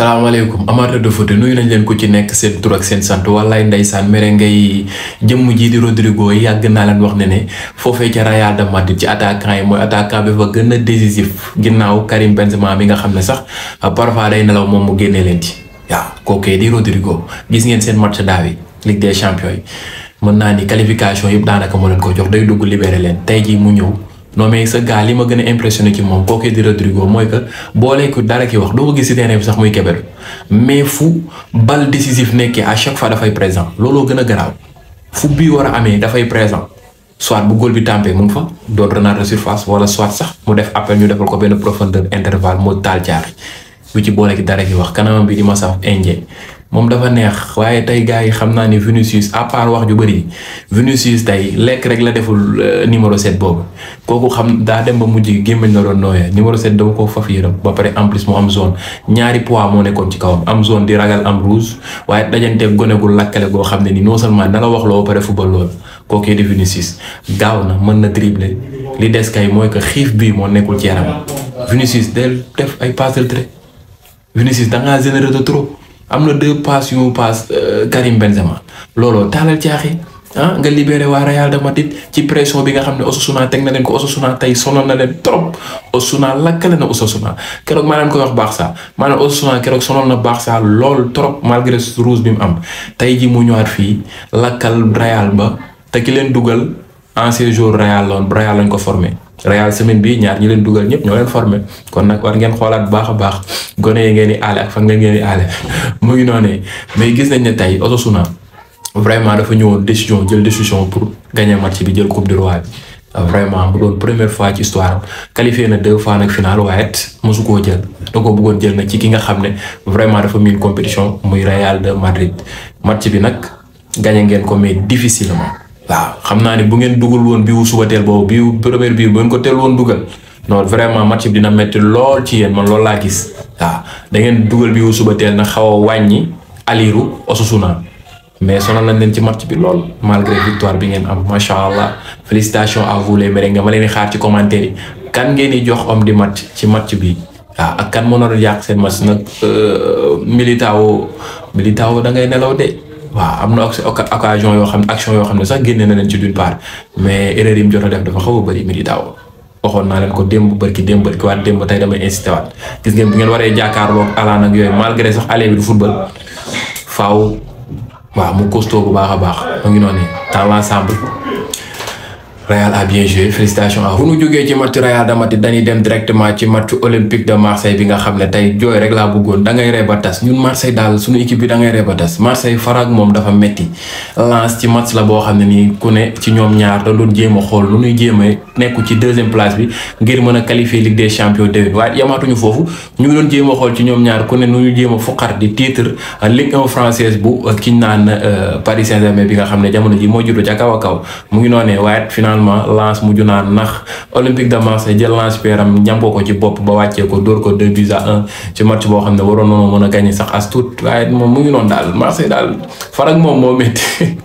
salaamaaleykum amateur de foot nuyu nañ leen ko ci nekk seen tur ak seen sant wallaay ndeysaan mere ngay jëmm jii di Rodrigo yàgg naa leen wax ne ne foofee ca Real de Madrid ci attaquant yi mooy attaquant bi gën a décisif ginnaaw Karim Benzema mi nga xam ne sax parfois day nelaw moom mu génnee leen ci waaw kookee di Rodrigo gis ngeen seen match daaw yi Ligue des Champions yi mën naa ni qualification yëpp daanaka moo leen ko jox day dugg libéré leen tey jii mu ñëw. non mais sa gars li ma gën a impressionné ci moom kooku di Rodrigo mooy que boolee ko dara ki wax doo ko gis si terrain bi sax muy kebelu mais fu bal décisif nekkee à chaque fa dafay présent looloo gën a garaaw fu bii war a amee dafay présent soit bu góol bi tàmpee mu ngi fa doon renaat surface wala soit sax mu def appel ñu defal ko benn profondeur intervalle moo taal jaar bu ci boole dara ki wax kanamam bi di ma saf indien moom dafa neex waaye tey gars yi xam naa ni Vinicius à wax ju bëri Vinicius tey lekk rek la deful euh, numéro 7 boobu kooku xam daa dem ba mujj gémmañ na doon nooyee numéro 7 dama koo faf ba pare en plus mu am zone ñaari poids moo nekkoon ci kawam am zone di ragal am rouge waaye dajanteeg gone gu lakkale goo xam ne ni non seulement na la loo ba pare football lool na mën na dribbler li des kay mooy que xiif bii moo nekkul ci yaram Vinicius del def ay passes trait Vinicius da ngaa trop. am na deux passes yu passe euh, Karim Benzema looloo taalal caaxi ah nga libéré waa Real de Madrid ci pression bi nga xam ne Osasuna teg na leen ko Osasuna tey sonal na leen trop Osasuna lakkale na Osasuna keroog maa leen koy wax Barça maanaam Osasuna keroog sonal na Barça lool trop malgré rouge bi mu am tey ji mu ñëwaat fii lakkal Real ba te leen dugal ancien joueur Real loon Real lañ ko formé. Real semaine bi ñaar ñi leen dugal ñëpp ñoo leen formé kon nag war ngeen xoolaat bu baax a baax gone yi ngeen di aale ak fan ngeen ngeen di aale mu ngi noonee mais gis nañ ne tey Osasuna vraiment dafa ñëwoon décision jël décision pour gagner match bi jël coupe du roi bi. vraiment mu doon première fois ci histoire qualifié na deux fois nag final waaye it mosu koo jël da ko bëggoon jël nag ci ki nga xam ne vraiment dafa miin compétition muy Real de Madrid match bi nag gagné ngeen ko mais difficilement. waaw xam naa ne bu ngeen dugal woon bii wu suba teel boobu bii wu première bii bu ngeen ko teel woon dugal non vraiment match bi dina métti lool ci yéen man loolu laa gis waaw dangeen dugal bii suba teel na xaw a wàññi Aliru Osasuna mais sonal nañ leen ci match bi lool malgré victoire bi ngeen am macha allah félicitations à vous les merengues ma leen di xaar ci commentaire kan ngeen di jox homme di match ci match bi waaw ak kan moo nar yàq seen match nag euh, Militao Militao da ngay nelaw de. waaw am na occasion yoo xam action yoo xam ne sax génne na leen ci d'une part mais erreur yi mu jot a def dafa xaw a bëri mi di waxoon naa leen ko démb bërki démb bërki waat démb tey damay incité waat gis ngeen bu ngeen waree jàkkaarloo ak alaan ak yooyu malgré sax ale bi du football faaw mu costo bu baax a baax mu ngi noonu dans l'ensemble Real a bien joué félicitations à vous. bu ñu jógee ci match Real de Madrid dañuy dem directement ci match Olympique de Marseille bi nga xam ne tey jooy rek laa bëggoon da ngay ree ba tas ñun Marseille daal suñu équipe bi da ngay ree ba tas Marseille faraag moom dafa metti Lens ci match la boo xam ne nii ku ne ci ñoom ñaar da doon jéem a xool lu ñuy jéem a nekku ci deuxième place bi ngir mën a qualifier Ligue des champions déwén waaye yamaatuñu foofu ñu ngi doon jéem a xool ci ñoom ñaar ku ne nu ñu jéem a fuqar di titre Ligue 1 française bu kiñ naan euh, Paris Saint-Germain bi nga xam ne jamono ji moo juddoo ca kaw a kaw mu ngi noonee waaye final ma Lens mujj naa nax Olympique de Marseille jël Lens peeram ñampoo ko ci bopp ba wàccee ko dóor ko deux buts à un ci match boo xam ne waroon noonu mën a gagné sax as tuut waaye moom mu ngi noonu daal Marseille daal farak moom moo métti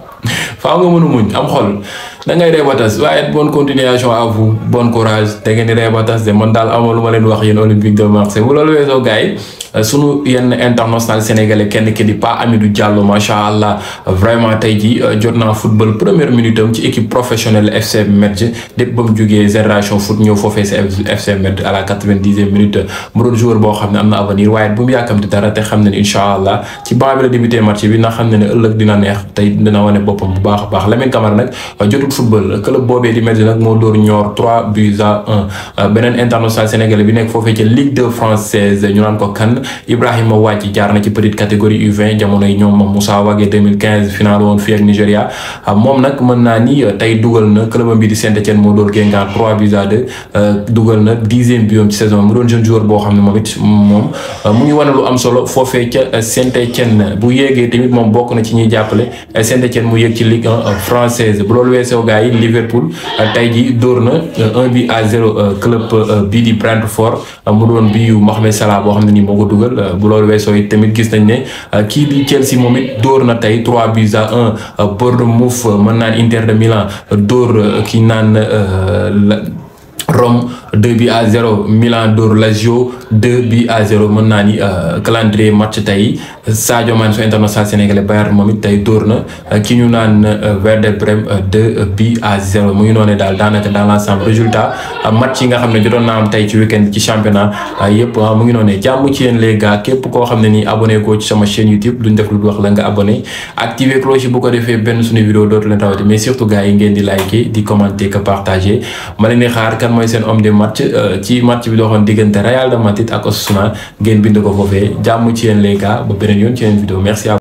faaw nga mën a muñ am xol. da ngay reebatas waaye bonne continuation à bon courage te ngeen de man daal amoo lu ma leen wax yenn olympique de Marseille bu loolu weesoo gars yi euh, sunu yenn international sénégalais kenn ki di Pa Hamidou Diallo macha allah vraiment tey jii euh, jot naa football première minute am ci équipe professionnelle FC Metz dépp ba mu jógee génération foot ñëw foofee si FC Metz à la quatre-vingt-dixième minute mu doon boo xam ne am na avenir waaye bu mu yàkkamti dara te xam ne ni incha allah ci banc na xam ne ne ëllëg dina neex tey dina wane boppam bu baax a baax Lamine Camara nag euh, jotul football club boobee di Metz nag moo dóor Niort 3 buts à euh, beneen international sénégalais bi nekk foofee ca Ligue 2 française ñu naan ko kan Ibrahima Wadji jaar na ci petite catégorie U20 jamonoy ñoom Moussa Wagué 2015 final woon fii ak Nigéria euh, moom nag mën naa ni euh, tey dugal na club bi di Saint-Étienne moo dóor Guingamp 3 buts à 2 dugal na dixième biom ci saison mu doon jeune joueur boo xam ne moom it moom mu ngi wane lu am solo foofee ca Saint-Étienne bu yéegee tamit moom bokk na ci ñuy jàppale Saint-Étienne ci Ligue 1 gars yi Liverpool euh, tey jii dóor na 1 euh, bi à 0 euh, club bii di Brentford mu doon bi yu ma Salah boo xam ne nii moo ko dugal bu loolu weesoo it tamit gis nañ ne kii di Chelsea moom it dóor na tey 3 buts à 1 Bournemouth mën naan Inter de Milan dóor kii naan Rome. deux bi à zéro Milan dóor Lazio deux bi à zéro mën naa ni euh, calendrier match tey Sadio Mané su international sénégalais Bayern moom it tey door na euh, ki ñu naan euh, Werder Bremen deux bi à zéro mu ngi noonee daal daanaka dans l' ensemble résultat match yi nga xam ne jotoon naa am tey ci week-end ci championnat yëpp ah, mu ngi noonee jàmm ci yéen les gars képp koo xam ne ni abonné ko ci sama chaîne YouTube duñ def lu wax la nga abonné activer cloche bu ko defee benn suñu vidéo dootu leen rawati mais surtout di liker di di xaar kan mooy match euh, ci match bi doxoon diggante Real de Madrid ak Osasuna ngeen bind ko foofee ci yéen les gars ba ci yeneen vidéo merci à